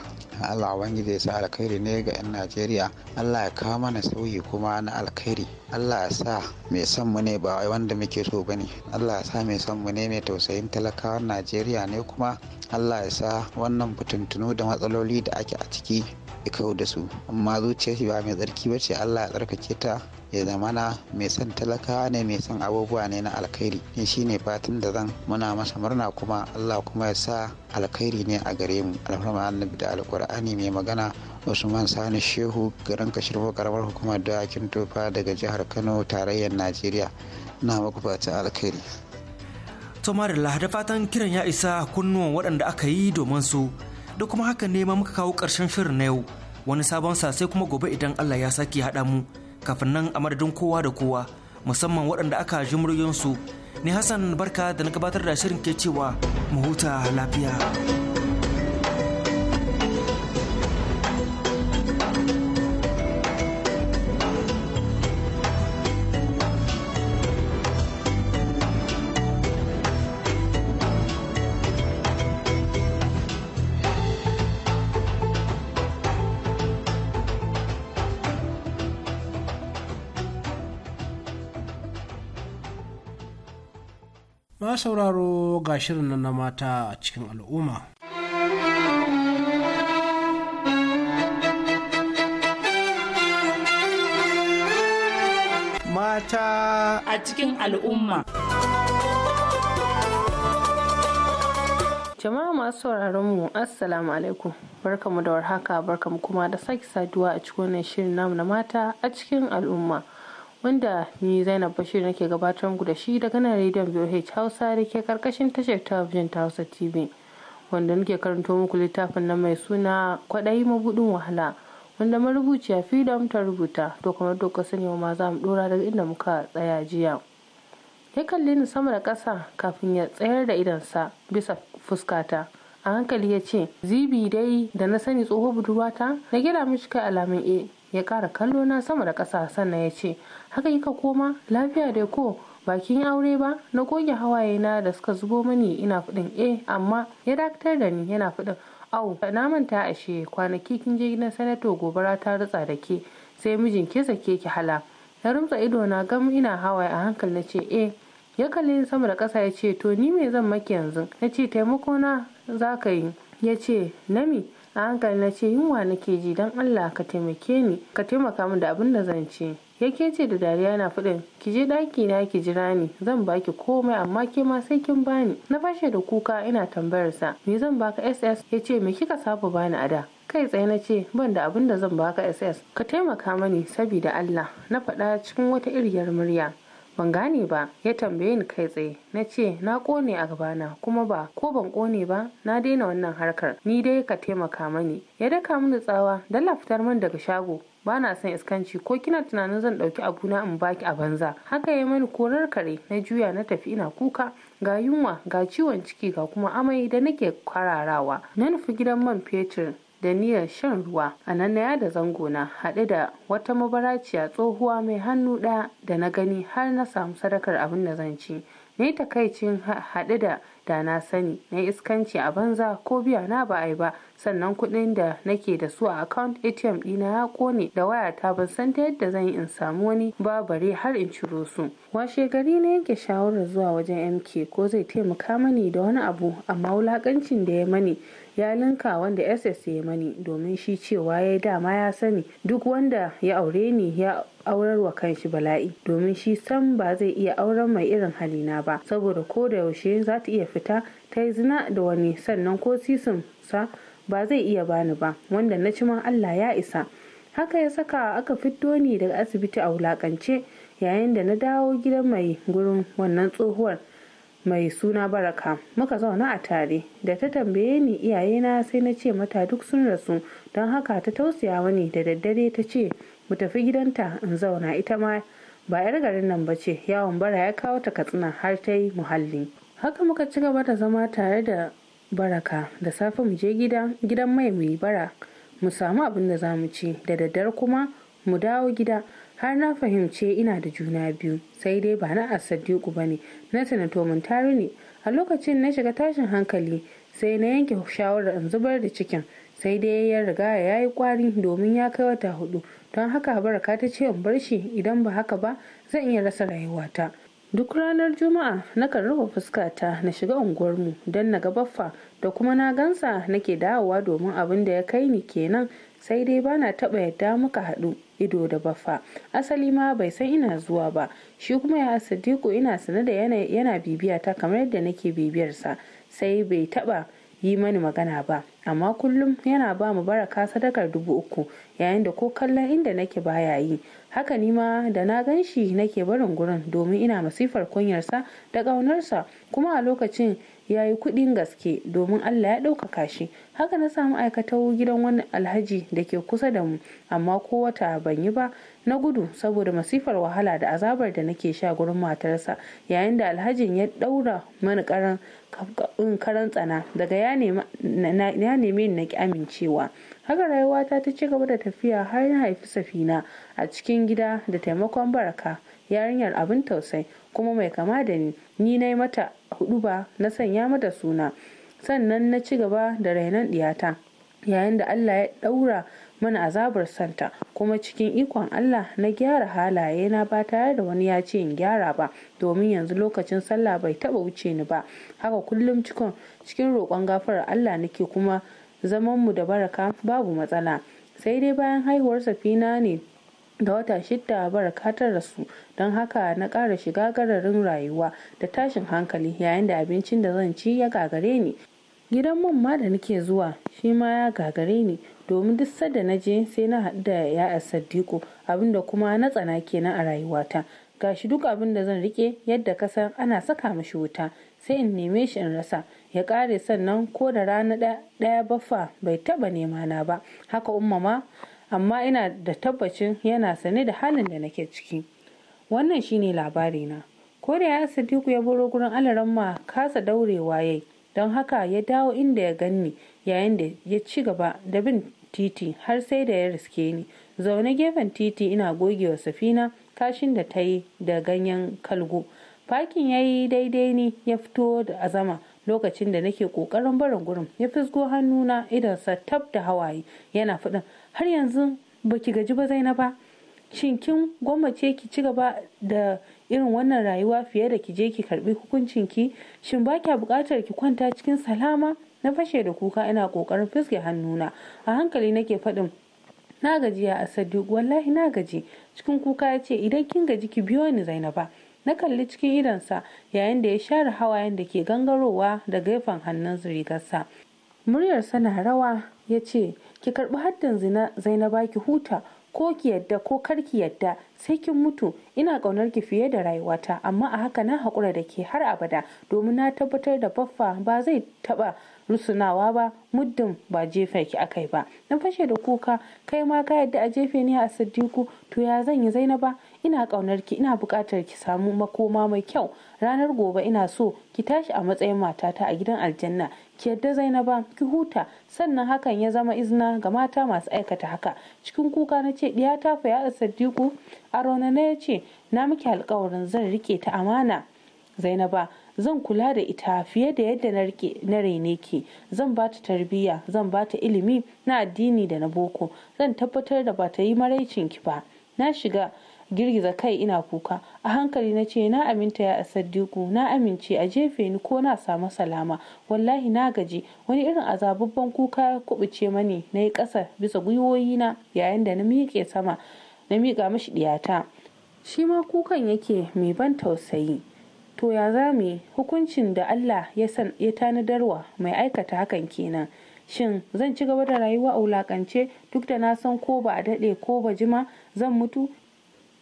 allah ubangiji ya sa alkhairi ne ga 'yan najeriya allah ya kawo mana sauyi kuma na alkhairi allah ya sa mai son mu ne ba wanda muke so bane allah ya sa mai son mu ne mai tausayin talakawan najeriya ne kuma allah ya sa wannan fitintunu da matsaloli da ake a ciki ya kawo da su amma zuciya shi ba mai tsarki ba ce allah ya tsarkake ta ya zamana mai son talakawa ne mai son abubuwa ne na alkhairi shi ne fatan da zan muna masa murna kuma Allah kuma ya sa alkhairi ne a gare mu alfarma annabi da alkur'ani mai magana usman sani shehu garin kashirwa karamar hukumar dawakin tofa daga jihar kano tarayyar najeriya na muku fata alkhairi tomar da fatan kiran ya isa kunnuwan waɗanda aka yi domin su da kuma haka ne ma muka kawo ƙarshen shirin na yau wani sabon sai kuma gobe idan allah ya sake haɗa mu kafin nan a madadin kowa da kowa musamman waɗanda aka ji muryoyinsu ne Hassan barka da na gabatar da shirin ke cewa mu huta lafiya. sauraro ga shirin nan na mata a cikin al'umma. Mata a cikin al'umma. Jama'a masu sauraron mu Assalamu alaikum. Barkamu da warhaka, barkamu kuma da sake saduwa a cikin wannan shirin namu na mata a cikin al'umma. wanda ni zainab bashir nake gabatar muku da shi daga nan rediyon boh hausa da ke karkashin tashar talabijin ta hausa tv wanda nake karanto muku littafin na mai suna kwaɗayi mabuɗin wahala wanda marubuciya freedom ta rubuta to kamar doka sani ma za mu ɗora daga inda muka tsaya jiya ya kalli ni sama da ƙasa kafin ya tsayar da sa bisa fuskata a hankali ya ce zibi dai da na sani tsoho budurwata na gida mishi kai alamin A eh, ya kara kallo na sama da ƙasa sannan ya ce haka ka koma lafiya da ko bakin aure ba na goge hawaye na da suka zubo mani ina fudin e eh, amma ya dakatar da ni yana fudin au na manta ashe kwanaki kin je gidan sanato gobara ta rutsa da ke sai mijin ke sake ki hala na rumtsa ido na gam ina hawaye a hankali na ce e ya kalli sama da ƙasa ya ce to ni me zan maki yanzu na ce taimako na za ka yi ya ce nami a hankali na ce yunwa nake ji don allah ka taimake ni ka taimaka min da abin da zan ce ya ce da dariya na faɗin ki je ɗaki na ki jira ni zan baki komai amma ke ma sai kin bani na fashe da kuka ina tambayar sa Me zan baka ss ya ce me kika saba bani a da kai tsaye na ce ban da abin da zan baka ss ka taimaka mani sabida allah na faɗa cikin wata iriyar murya ban gane ba ya tambaye ni kai tsaye na ce na kone a gabana kuma ba ko ban kone ba na daina wannan harkar ni dai ka taimaka mani ya daka mini tsawa dala fitar man daga shago ba na son iskanci ko kina tunanin zan ɗauki abuna in baki a banza haka ya mani korar kare na juya na tafi ina kuka ga yunwa ga ciwon ciki ga kuma amai da nake kwararawa na nufi gidan man fetur da niyyar shan ruwa a nan na yada na haɗe da wata mabaraciya tsohuwa mai hannu ɗaya da na gani har na samu sadakar abin da zan ci ni takaicin haɗu da da na sani na iskanci a banza ko biya na ba ai ba sannan kuɗin da nake da su a account atm ɗina ya kone da wayata ban san ta yadda zan in samu wani babare har in ciro su washe gari na yanke shawarar zuwa wajen mk ko zai taimaka mani da wani abu amma wulakancin da ya mani ya linka wanda ss ya mani domin shi cewa ya dama ya sani duk wanda ya aure ni ya aurar wa kanshi bala'i domin shi san ba zai iya auren mai irin halina ba saboda ko da yaushe za ta iya fita ta yi zina da wani sannan ko sisin sa ba zai iya bani ba wanda na ci allah ya isa haka ya saka aka fito ni daga asibiti a wulakance yayin da na dawo gidan mai gurin wannan tsohuwar mai suna baraka muka zauna a tare da ta tambaye ni iyayena sai na ce mata duk sun rasu don haka ta tausaya mani da daddare ta ce mu tafi gidanta in zauna ita ma ba 'yar garin nan ba ce yawon bara ya kawo ta katsina har ta yi muhalli haka muka ci gaba da zama tare da baraka da safe mu je gidan mai mu yi bara mu samu abin da za mu ci da daddare kuma mu dawo gida har na fahimce ina da juna biyu sai dai ba na asadiku ba ne na mun taru ne a lokacin na shiga tashin hankali sai na yanke shawarar in zubar da cikin sai dai ya riga ya yi kwari domin ya kai wata hudu don haka baraka ta ce in bar shi idan ba haka ba zan iya rasa rayuwata duk ranar juma'a nakan rufe fuskata na shiga unguwarmu don na ga baffa da kuma na gansa nake dawowa domin abin da ya kai ni kenan sai dai bana taba yadda muka haɗu ido da baffa asali ma bai san ina zuwa ba shi kuma ya sadiku ina sane da yana bibiya ta kamar yadda nake bibiyarsa sai bai taba yi mani magana ba amma kullum yana ba mu baraka sadakar dubu uku yayin da ko kallon inda nake baya yi haka ni ma da na gan shi nake barin gurin domin ina masifar kunyarsa da ƙaunarsa kuma a lokacin ya yi kudin gaske domin allah ya ɗaukaka shi haka na samu aikatau gidan wani alhaji da ke kusa da mu amma ko wata ban yi ba na gudu saboda masifar wahala da azabar da nake sha gurin matarsa yayin da alhajin ya ɗaura mani karan karan tsana daga ya neme ni na ki amincewa haka rayuwata ta ci gaba da tafiya har na haifi safina a cikin gida da taimakon baraka yarinyar abin tausai kuma mai kama da ni ni na yi mata hudu ba na sanya mata suna sannan na ci gaba da rainon diyata yayin da allah ya daura mana azabar santa kuma cikin ikon allah na gyara halaye na ba tare da wani ya ce in gyara ba domin yanzu lokacin sallah bai taba wuce ni ba haka kullum cikin cikin roƙon gafarar allah nake kuma zamanmu da baraka babu matsala sai dai bayan haihuwar safina ne da wata shidda katar da su don haka na ƙara shiga gararin rayuwa da tashin hankali yayin da abincin da zan ci ya gagare ni gidan man ma da nake zuwa shi ma ya gagare ni domin duk sadda na je sai na haɗu da ya'ar sadiko abinda kuma na tsana kenan a rayuwata gashi duk abin da zan rike yadda kasan ana saka mashi wuta sai in neme shi in rasa ya kare sannan ko da rana ɗaya baffa bai taba nema na ba haka umma ma amma ina da tabbacin yana sane da halin da nake ciki wannan shine labarina ko da ya sadiku ya buro gurin alaramma kasa daurewa yayi don haka ya dawo inda ya ganni yayin da ya ci gaba da bin titi har sai da ya riske ni zaune gefen titi ina gogewa safina kashin da ta yi da ganyen kalgo fakin ya yi daidai ni ya fito da azama lokacin da nake kokarin barin gurin ya fisgo hannuna sa tab da hawaye yana faɗin har yanzu ba ki gaji ba zainaba shin kin gwammace ki ci gaba da irin wannan rayuwa fiye da ki je ki karbi hukuncin ki shin ba kya bukatar ki kwanta cikin salama na fashe da kuka ina kokarin fiske hannuna a hankali nake faɗin na gaji ya asadu wallahi na gaji cikin kuka ya ce idan kin gaji ki biyo ni zainaba na kalli cikin sa yayin da ya share hawayen da ke gangarowa da gefen hannun rigarsa muryarsa na rawa ya ce ki karbi haddin zina zainaba ki huta ko ki yadda ko kar ki yadda sai kin mutu ina kaunar ki fiye da rayuwata amma a haka na hakura da ke har abada domin na tabbatar da baffa ba zai taba rusunawa ba muddin ba jefa ki akai ba na fashe da kuka kai ma ka yadda a jefe ni a siddiku to ya zan yi zainaba ina ƙaunar ki ina buƙatar ki samu makoma mai kyau ranar gobe ina so ki tashi a matsayin matata a gidan aljanna ki yadda zainaba ki huta sannan hakan ya zama izina ga mata masu aikata haka cikin kuka na ce ɗiya ta fa ya sadiku arona na ya ce na miki alkawarin zan rike ta amana zainaba zan kula da ita fiye da yadda na raine ki zan ba ta tarbiyya zan ba ta ilimi na addini da na boko zan tabbatar da ba ta yi maraicin ki ba na shiga girgiza kai ina kuka a hankali na ce na aminta ya asaddiku na amince a jefe ni ko na samu salama wallahi na gaji wani irin azababban kuka ya kubuce mani na yi ƙasa bisa gwiwoyina yayin da na miƙe sama na miƙa mashi ɗiyata shi ma kukan yake mai ban tausayi to ya za mu hukuncin da Allah ya tanadarwa mai aikata hakan kenan shin zan ci gaba da rayuwa a wulakance duk da na san ko ba a daɗe ko ba jima zan mutu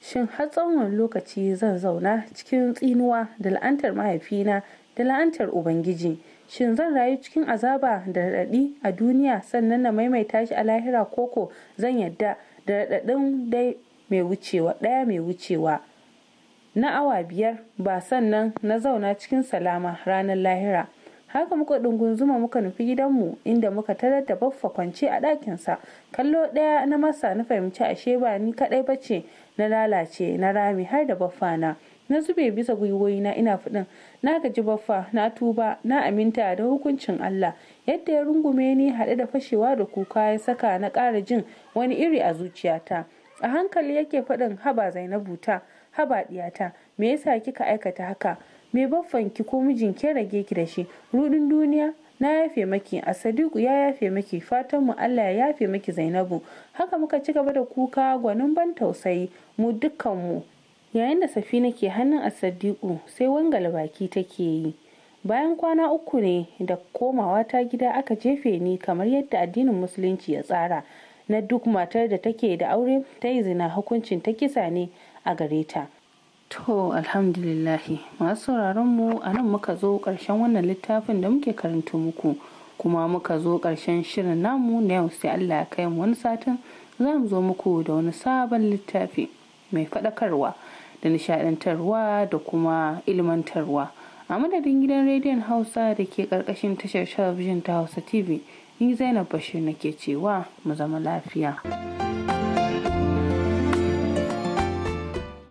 shin har tsawon lokaci zan zauna cikin tsinuwa da la'antar mahaifina da la'antar ubangiji shin zan rayu cikin azaba da raɗaɗi a duniya sannan na maimaita shi a lahira koko zan yadda da raɗaɗin dai mai wucewa ɗaya mai wucewa na awa biyar ba sannan na zauna cikin salama ranar lahira haka muka zuma muka nufi gidanmu inda muka tarar da baffa kwance a ɗakinsa kallo ɗaya na masa na fahimci ashe ba ni kaɗai bace na lalace na rami har da baffa na na zube bisa gwiwoyi na, ina faɗin na gaji baffa na tuba na aminta da hukuncin Allah yadda ya rungume ni haɗe da fashewa da kuka ya saka na ƙara jin wani iri a zuciyata a hankali yake faɗin haba zainabu ta haba ɗiyata me yasa kika aikata haka me baffan ko mijin ke rage ki da shi rudin duniya na yafe maki a sadiku ya yafe maki fatan mu allah ya yafe maki zainabu haka muka ci gaba da kuka gwanin ban tausayi mu dukkan mu yayin da safina ke hannun a sadiku sai wangal baki take yi bayan kwana uku ne da komawa ta gida aka jefe ni kamar yadda addinin musulunci ya tsara na duk matar da take da aure ta yi zina hukuncin ta kisa ne a gare ta To alhamdulillahi masu sauraron mu a nan muka zo ƙarshen wannan littafin da muke karanta muku kuma muka zo ƙarshen shirin namu na yau sai Allah ya kai mu wani satin za mu zo muku da wani sabon littafi mai faɗakarwa da nishaɗantarwa da kuma ilmantarwa a madadin gidan rediyon hausa da ke ƙarƙashin tashar talabijin ta hausa tv ni zainab bashir nake cewa mu zama lafiya.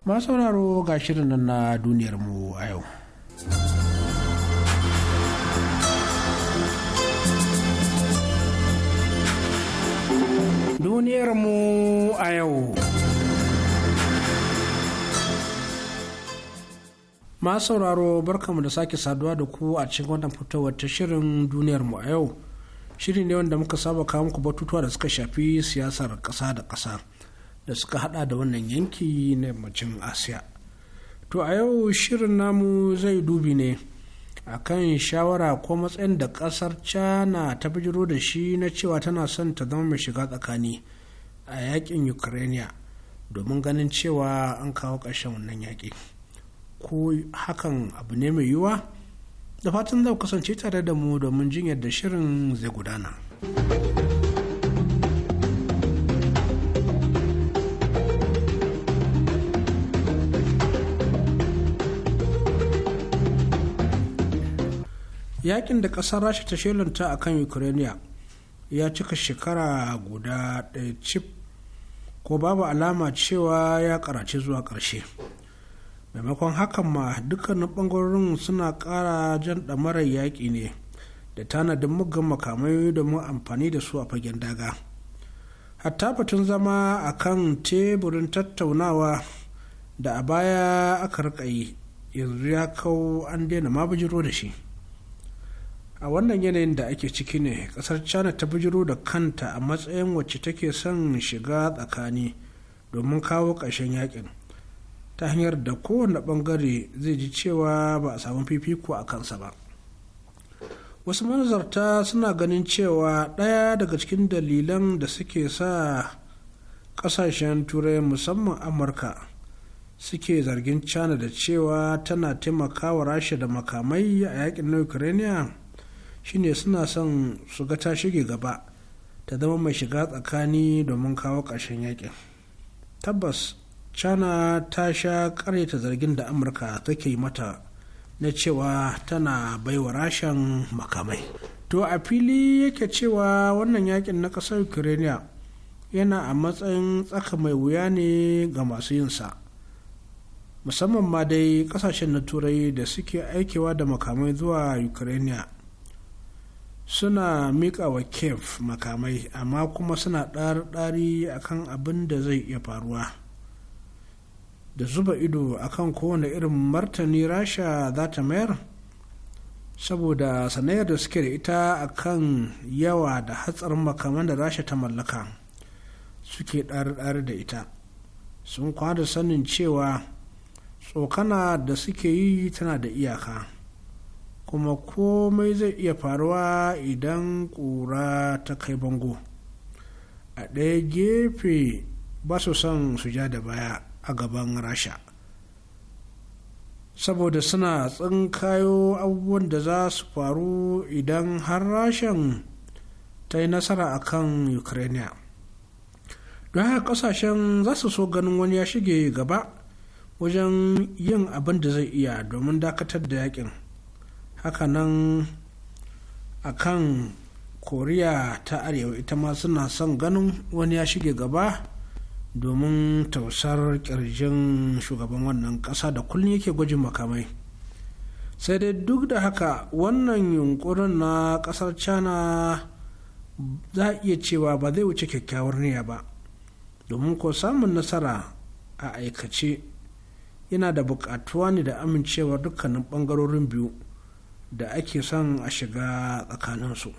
ma sauraro ga shirin nan na duniyarmu a yau. Duniyarmu a yau. Masu sauraro barkamu da sake saduwa da ku a cikin wannan fitowar ta shirin duniyarmu a yau. Shiri ne wanda muka saba kawo muku batutuwa da suka shafi siyasar ƙasa da ƙasa. da suka hada da wannan yanki na yammacin asiya to a yau shirin namu zai dubi ne a kan shawara ko matsayin da kasar china ta bijiro da shi na cewa tana son ta zama mai shiga tsakani a yakin ukraine domin ganin cewa an kawo ƙarshen wannan yaƙi ko hakan abu ne mai yiwuwa da fatan zau kasance tare da mu domin jin yadda shirin zai gudana. yakin da ƙasar rasha ta shelanta a kan ukraine ya cika shekara guda ɗaya cif ko babu alama cewa ya karace zuwa ƙarshe maimakon hakan ma dukkanin ɓangarorin suna ƙara jan ɗamarar yaƙi ne da tanadin muggan makamai domin amfani da su a fagen daga hatta batun zama a kan teburin tattaunawa da a baya aka rika yi yanzu ya kau an daina ma bijiro da shi a wannan yanayin da ake ciki ne kasar china ta bijiro da kanta a matsayin wacce take son shiga tsakani domin kawo ƙarshen yakin ta hanyar da kowane bangare zai ji cewa ba a samu fifiko a kansa ba wasu manzarta suna ganin cewa ɗaya daga cikin dalilan da suke sa ƙasashen turai musamman amurka suke zargin china da cewa tana taimakawa rasha da makamai a yakin na ukraine shine suna son su ga ta shige gaba ta zama mai shiga tsakani domin kawo ƙarshen yakin tabbas china ta sha karyata zargin da amurka take mata na cewa tana baiwa rashin makamai to a fili yake cewa wannan yakin na ƙasar ukraine yana a matsayin tsaka mai wuya ne ga masu yinsa musamman ma dai kasashen na turai da suke aikewa da makamai zuwa ukraine suna miƙa wa kef makamai amma kuma suna ɗari akan abin da zai iya faruwa da zuba ido akan kowane irin martani rasha za ta mayar saboda sanayar da suke da ita akan yawa da hatsarin makaman da rasha ta mallaka suke ɗari da ita sun kwada sanin cewa tsokana da suke yi tana da iyaka kuma komai zai iya faruwa idan ƙura ta kai bango a ɗaya gefe ba su son su ja da baya a gaban rasha saboda suna tsinkayo abubuwan da za su faru idan har rashin ta yi nasara a kan ukraine don haka kasashen za su so ganin wani ya shige gaba wajen yin abin da zai iya domin dakatar da yakin hakanan a kan koriya ta arewa ita ma suna son ganin wani ya shige gaba domin tausar kirjin shugaban wannan ƙasa da kullum yake gwajin makamai sai dai duk da haka wannan yunkurin na ƙasar china za a iya cewa ba zai wuce kyakkyawar niyya ba domin ko samun nasara a aikace yana da bukatuwa ne da amincewar dukkanin bangarorin biyu da ake son a shiga tsakaninsu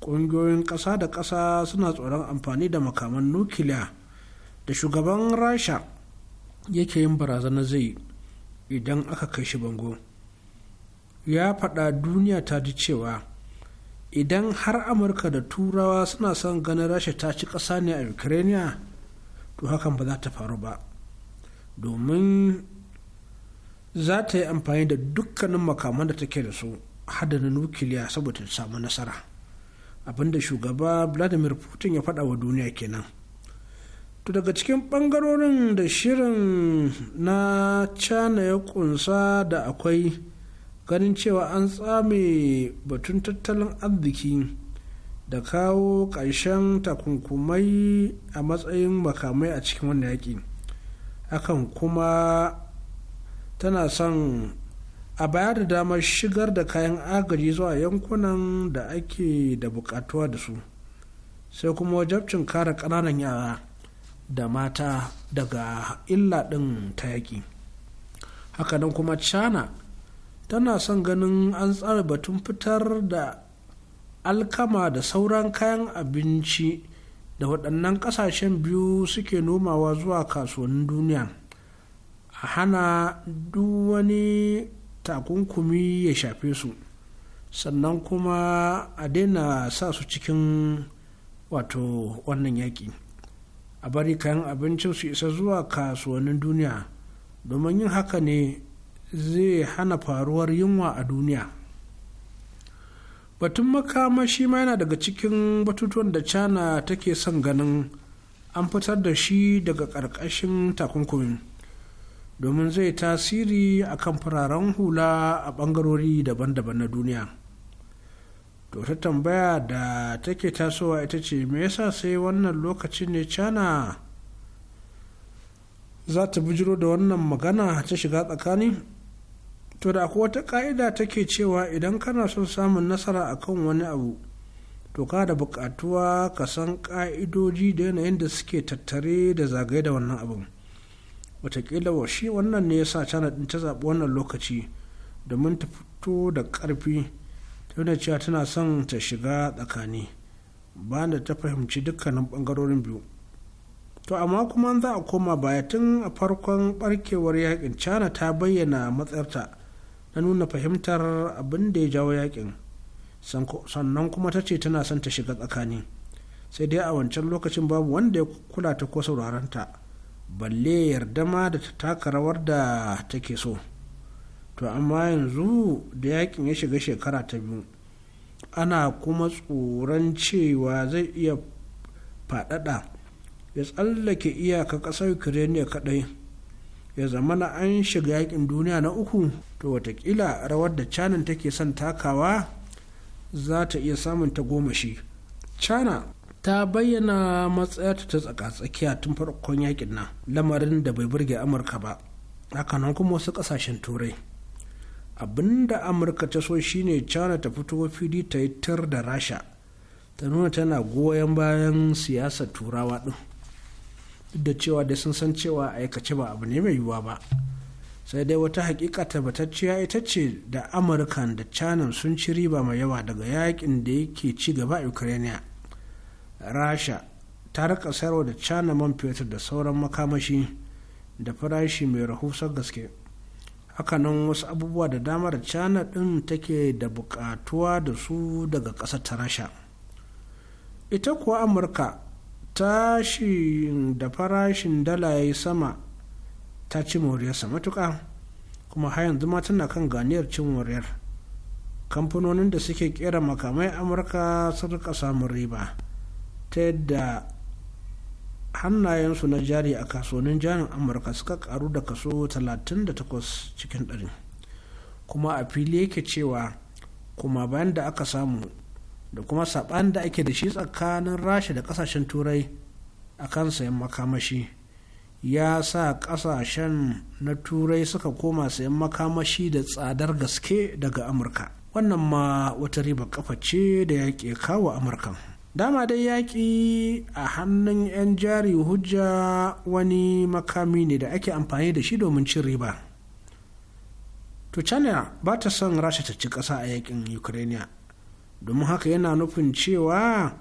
ƙungiyoyin ƙasa da ƙasa suna tsoron amfani da makaman nukiliya da shugaban rasha yake yin barazanar zai idan aka kai shi bango ya faɗa duniya ta ji cewa idan har amurka da turawa suna son ganin rasha ta ci ƙasa ne a ukraine to hakan ba za ta faru ba domin za ta yi amfani da dukkanin makaman da take da su hada na nukiliya saboda ta samu nasara abinda shugaba vladimir putin ya faɗa wa duniya kenan to daga cikin ɓangarorin da shirin na cana ya kunsa da akwai ganin cewa an tsame batun tattalin arziki da kawo ƙarshen takunkumai a matsayin makamai a cikin wannan yaƙi akan kuma tana son a bayar da damar shigar da kayan agaji zuwa yankunan da ake da bukatuwa da su sai kuma wajabcin kare kananan yara da mata daga illa ɗin ta yaƙi hakanan kuma china tana son ganin an tsara batun fitar da alkama da sauran kayan abinci da waɗannan ƙasashen biyu suke nomawa zuwa kasuwannin duniya a hana duk wani takunkumi ya shafe su sannan kuma a daina sa su cikin wato wannan yaƙi a bari kayan abincin su isa zuwa kasuwannin duniya domin yin haka ne zai hana faruwar yunwa a duniya batun makamashi ma yana daga cikin batutuwan da china take son ganin an fitar da shi daga ƙarƙashin takunkumin domin zai tasiri a kan fararen hula a bangarori daban-daban na duniya to ta tambaya da take tasowa ita ce me yasa sai wannan lokacin ne cana za ta bijiro da wannan magana ta shiga tsakani to da akwai wata ka'ida take cewa idan kana son samun nasara akan wani abu to ka da bukatuwa ka san ka'idoji da yanayin da suke tattare da zagaye da wannan abin watakila shi wannan ne ya sa china din ta zaɓi wannan lokaci domin ta fito da ƙarfi yi cewa tana son ta shiga tsakani bayan da ta fahimci dukkanin ɓangarorin biyu to amma kuma za a koma baya tun a farkon ɓarkewar yakin Cana ta bayyana matsarta na nuna fahimtar abin da ya jawo yakin sannan kuma ta ce tana son ta shiga tsakani sai dai a wancan lokacin babu wanda ya kula ta ko sauraron ta balle yarda ma da ta taka rawar da take so to amma yanzu da yakin ya shiga shekara ta biyu ana kuma tsoron cewa zai iya faɗaɗa ya tsallake iyaka ƙasar ukraine kaɗai ya zama na an shiga yakin duniya na uku to watakila rawar da canan take son takawa za ta iya samun ta goma shi china ta bayyana matsayarta ta tsaka-tsakiya tun farkon yakin nan lamarin da bai burge amurka ba hakanan kuma wasu kasashen turai abinda amurka ta so shine china ta fito fili ta yi tar da rasha ta nuna tana goyon bayan siyasar turawa din duk da cewa da sun san cewa aikace ba abu ne mai yiwuwa ba sai dai wata hakika tabbatacciya ita ce da amurkan da china sun ci riba mai yawa daga yakin da yake ci gaba a ukraine rasha ta rika sayarwa da cana man fetur da sauran makamashi da farashi mai rahusar gaske hakanan wasu abubuwa da dama da cana ɗin take da buƙatuwa da su daga kasar ta rasha ita kuwa amurka tashin da farashin dala ya yi sama ta ci moriyarsa matuka kuma har yanzu ma tana kan ganiyar cin moriyar kamfanonin da suke kera makamai amurka sun rika samun riba ta yadda hannayensu na jari a kasuwannin jarin amurka suka karu da kaso 38 cikin 100 kuma a fili yake cewa kuma bayan da aka samu da kuma saɓan da ake da shi tsakanin rasha da ƙasashen turai a kan sayan makamashi ya sa ƙasashen na turai suka koma sayan makamashi da tsadar gaske daga amurka wannan ma wata riba kafa ce da ya kawo amurkan dama dai yaƙi a hannun 'yan jari hujja wani makami ne da ake amfani da shi domin cin riba to china ba ta son rasha ta ci ƙasa a yaƙin ukraine domin haka yana nufin cewa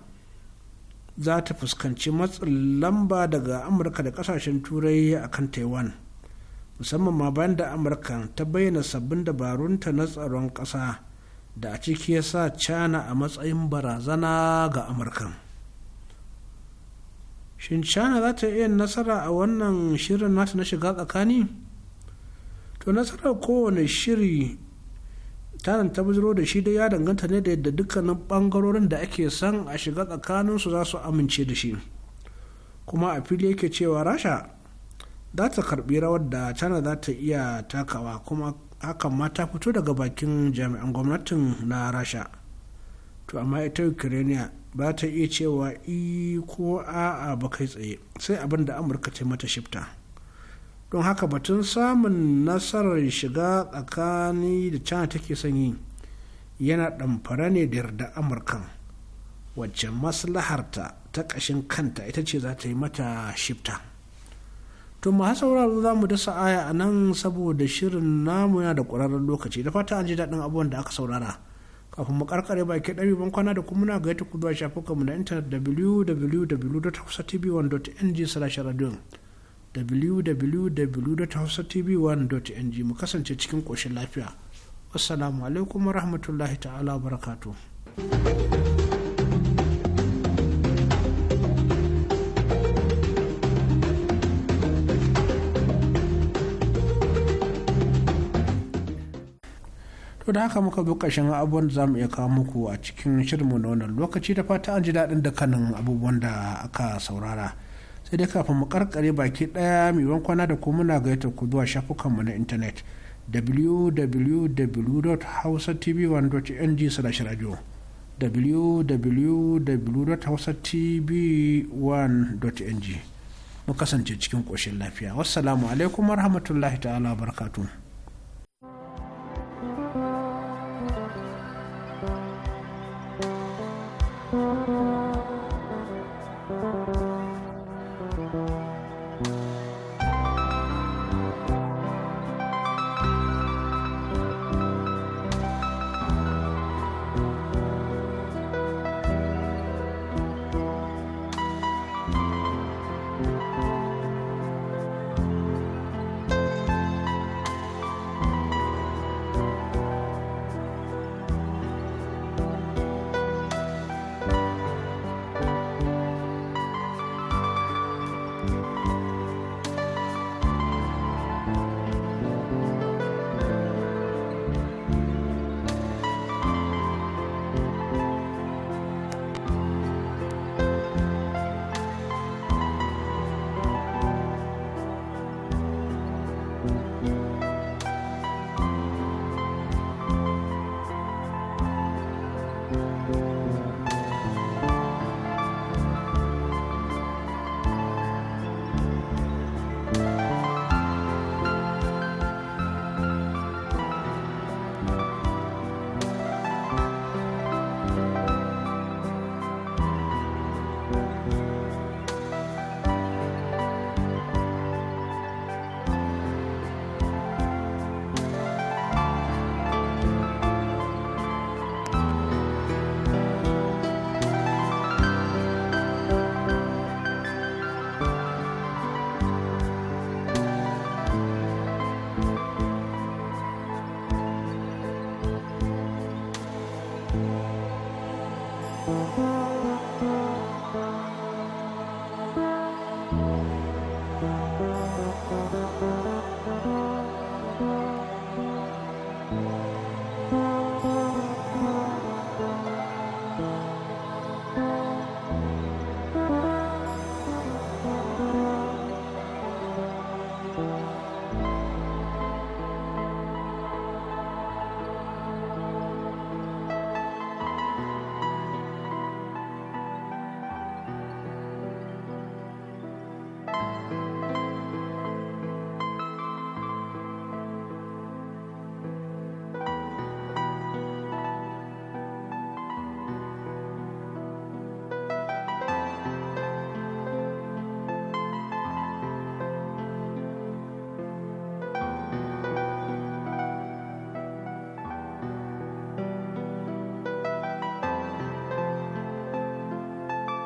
za ta fuskanci matsin lamba daga amurka da ƙasashen turai a kan taiwan musamman ma bayan da amurka ta bayyana sabbin dabarunta na tsaron ƙasa da a ciki ya sa china a matsayin barazana ga Amurka. shin china za ta iya nasara a wannan shirin nasu na shiga tsakani to nasarar kowane shiri tanan ta bujiro da shi dai ya danganta ne da yadda dukkanin bangarorin da ake san a shiga tsakaninsu za su amince da shi kuma a fili yake cewa rasha za ta karbi rawar da china za ta iya takawa kuma hakan ma ta fito daga bakin jami'an gwamnatin na rasha to amma ita ukraine ba ta iya cewa i ko a'a ba kai tsaye sai abin da amurka ta mata shifta don haka batun samun nasarar shiga tsakani da china take son yi yana damfara ne da yarda amurkan wacce maslaharta ta ƙashin kanta ita ce za ta yi mata shifta to ma sauraro za mu dasa aya a nan saboda shirin namu yana da ƙwararren lokaci da fata an ji daɗin abubuwan da aka saurara kafin mu karkare baki ɗari ban da kuma na ga ta kuduwa shafukan shafukanmu na intanet wwwtv 1ng slash radio www.hausatv1.ng mu kasance cikin ƙoshin lafiya wassalamu alaikum warahmatullahi ta'ala barakatuh da haka muka bi ƙashin abubuwan da za mu iya kawo muku a cikin shirinmu na wannan lokaci da fata an ji daɗin kanin abubuwan da aka saurara sai dai kafin mu karkare baki ɗaya mai kwana da kuma muna gaita ku zuwa shafukanmu na intanet www.hausatv1.ng/radio www.hausatv1.ng mu kasance cikin koshin lafiya wassalamu alaikum warahmatullahi ta'ala barkatu.